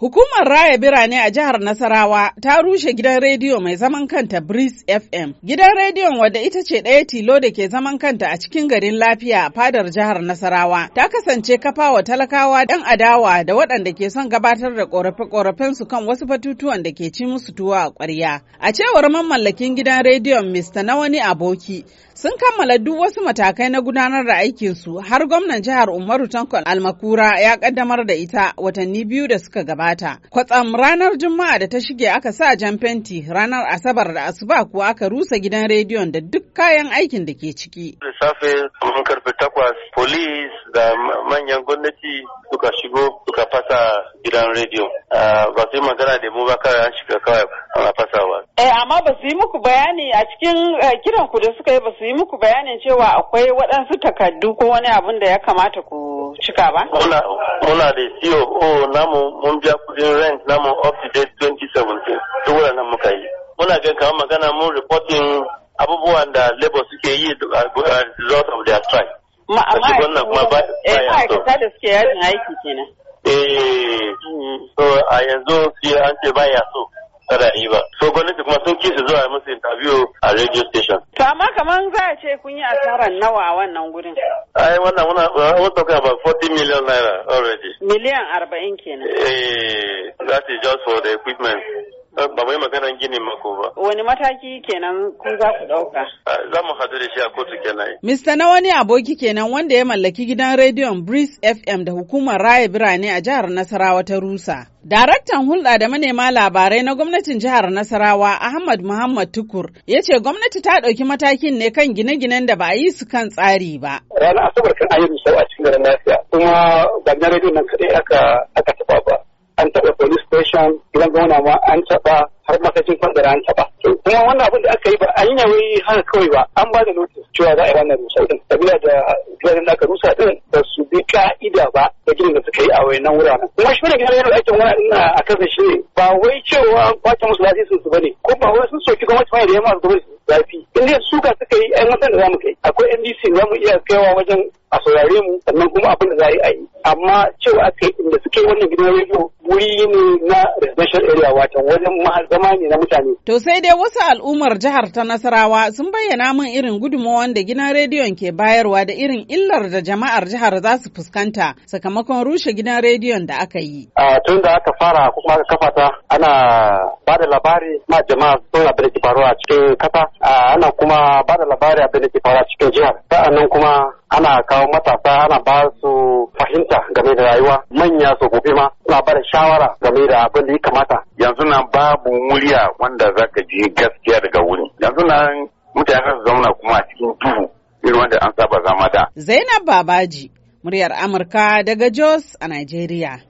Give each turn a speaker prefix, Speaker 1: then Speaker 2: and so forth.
Speaker 1: Hukumar Raya Birane a jihar Nasarawa ta rushe gidan rediyo mai zaman kanta Breeze FM. Gidan rediyon wadda ita ce ɗaya tilo da ke zaman kanta a cikin garin lafiya a fadar jihar Nasarawa. Ta kasance kafa wa talakawa ɗan adawa da waɗanda ke son gabatar da ƙorafe ƙorafen su kan wasu batutuwan da ke ci musu tuwa a ƙwarya. A cewar mamallakin gidan rediyon Mr. Nawani Aboki, sun kammala duk wasu matakai na gudanar da aikinsu har gwamnan jihar umaru tankon almakura ya kaddamar da ita watanni biyu da suka gabata kwatsam ranar juma'a da ta shige aka sa jan fenti ranar asabar da asuba kuwa aka rusa gidan rediyon da duk kayan aikin da ke ciki
Speaker 2: safe mun karfe takwas polis da manyan gwamnati suka shigo suka fasa gidan rediyo ah, ba su yi magana da mu ba kawai an shiga kawai ana fasa
Speaker 1: Eh amma ba su yi muku bayani a cikin eh, kiran ku da suka yi ba su yi muku bayanin cewa akwai waɗansu takardu ko wani abin da ya kamata ku cika ba?
Speaker 2: Muna da COO namu mun biya kudin rent namu up to date 2017 duk nan muka yi. Muna ga kamar magana mun reporting abubuwan da Labour suke yi a uh, uh, result of their strike. Eh, eh,
Speaker 3: ma'aikata da suke yajin aiki kenan.
Speaker 2: Eh, mm. so a yanzu sai an ce so. tana yi ba so gwamnati kuma sun kisa zuwa yi musu interview a radio station
Speaker 1: to amma kamar za a ce kun yi asarar nawa a wannan gurin
Speaker 2: ai wannan muna we're talking ba 40 million naira already
Speaker 1: miliyan 40 kenan
Speaker 2: eh that is just for the equipment eh, ba mai magana gini mako ba.
Speaker 1: Wani mataki kenan
Speaker 2: kun za ku ɗauka? Eh, za mu da shi a kotu kenan.
Speaker 1: Mista na wani aboki kenan wanda ya mallaki gidan rediyon Breeze FM da hukumar Raya Birane a jihar Nasarawa ta Rusa. Daraktan hulɗa da manema labarai na gwamnatin jihar Nasarawa Ahmad Muhammad Tukur ya ce gwamnati ta ɗauki matakin ne kan gine-ginen da ba a yi su kan tsari ba.
Speaker 3: Ranar Asabar kan ayyukan sau a cikin garin lafiya kuma ba na rediyon nan kaɗai aka taɓa ba. An taɓa police station, gidan gwamna ma an taɓa har makashin kwandara an taba to kuma wannan abin da aka yi ba a yi wai haka kawai ba an ba da notice cewa za a yi ranar rusa din sabila da gidan da aka rusa din ba su bi ka'ida ba da gidan da suka yi a wayannan wuraren kuma shi ne gidan yana aikin wani ina a kasa shi ne ba wai cewa kwace musu sun su bane ko ba wai sun soki gwamnati ba da yamma su gwamnati zafi in dai suka suka yi ai mutan da mu kai akwai NDC za mu iya kaiwa wajen a saurare mu sannan kuma abin da za a yi amma cewa aka yi inda suke wannan gidan rediyo wuri ne na residential area watan wajen zama ne na mutane.
Speaker 1: To sai dai wasu al'ummar jihar ta Nasarawa sun bayyana min irin gudunmawar da gidan rediyon ke bayarwa da irin illar da jama'ar jihar za su fuskanta sakamakon rushe gidan rediyon da aka yi.
Speaker 3: A tun da aka fara kuma aka kafa ta ana ba da labari ma jama'a sun abin da ke faruwa cikin kasa ana kuma ba da labari abin da ke faruwa cikin jihar sa'annan kuma ana kawo matasa ana ba su fahimta game da rayuwa manya su gobe ma
Speaker 2: suna ba shawara
Speaker 3: game da abin da ya kamata
Speaker 2: yanzu nan babu murya wanda zaka ji gaskiya daga wuri yanzu nan mutane su zauna kuma a cikin duhu irin wanda an saba zama da
Speaker 1: Zainab Babaji muryar Amurka daga Jos a Najeriya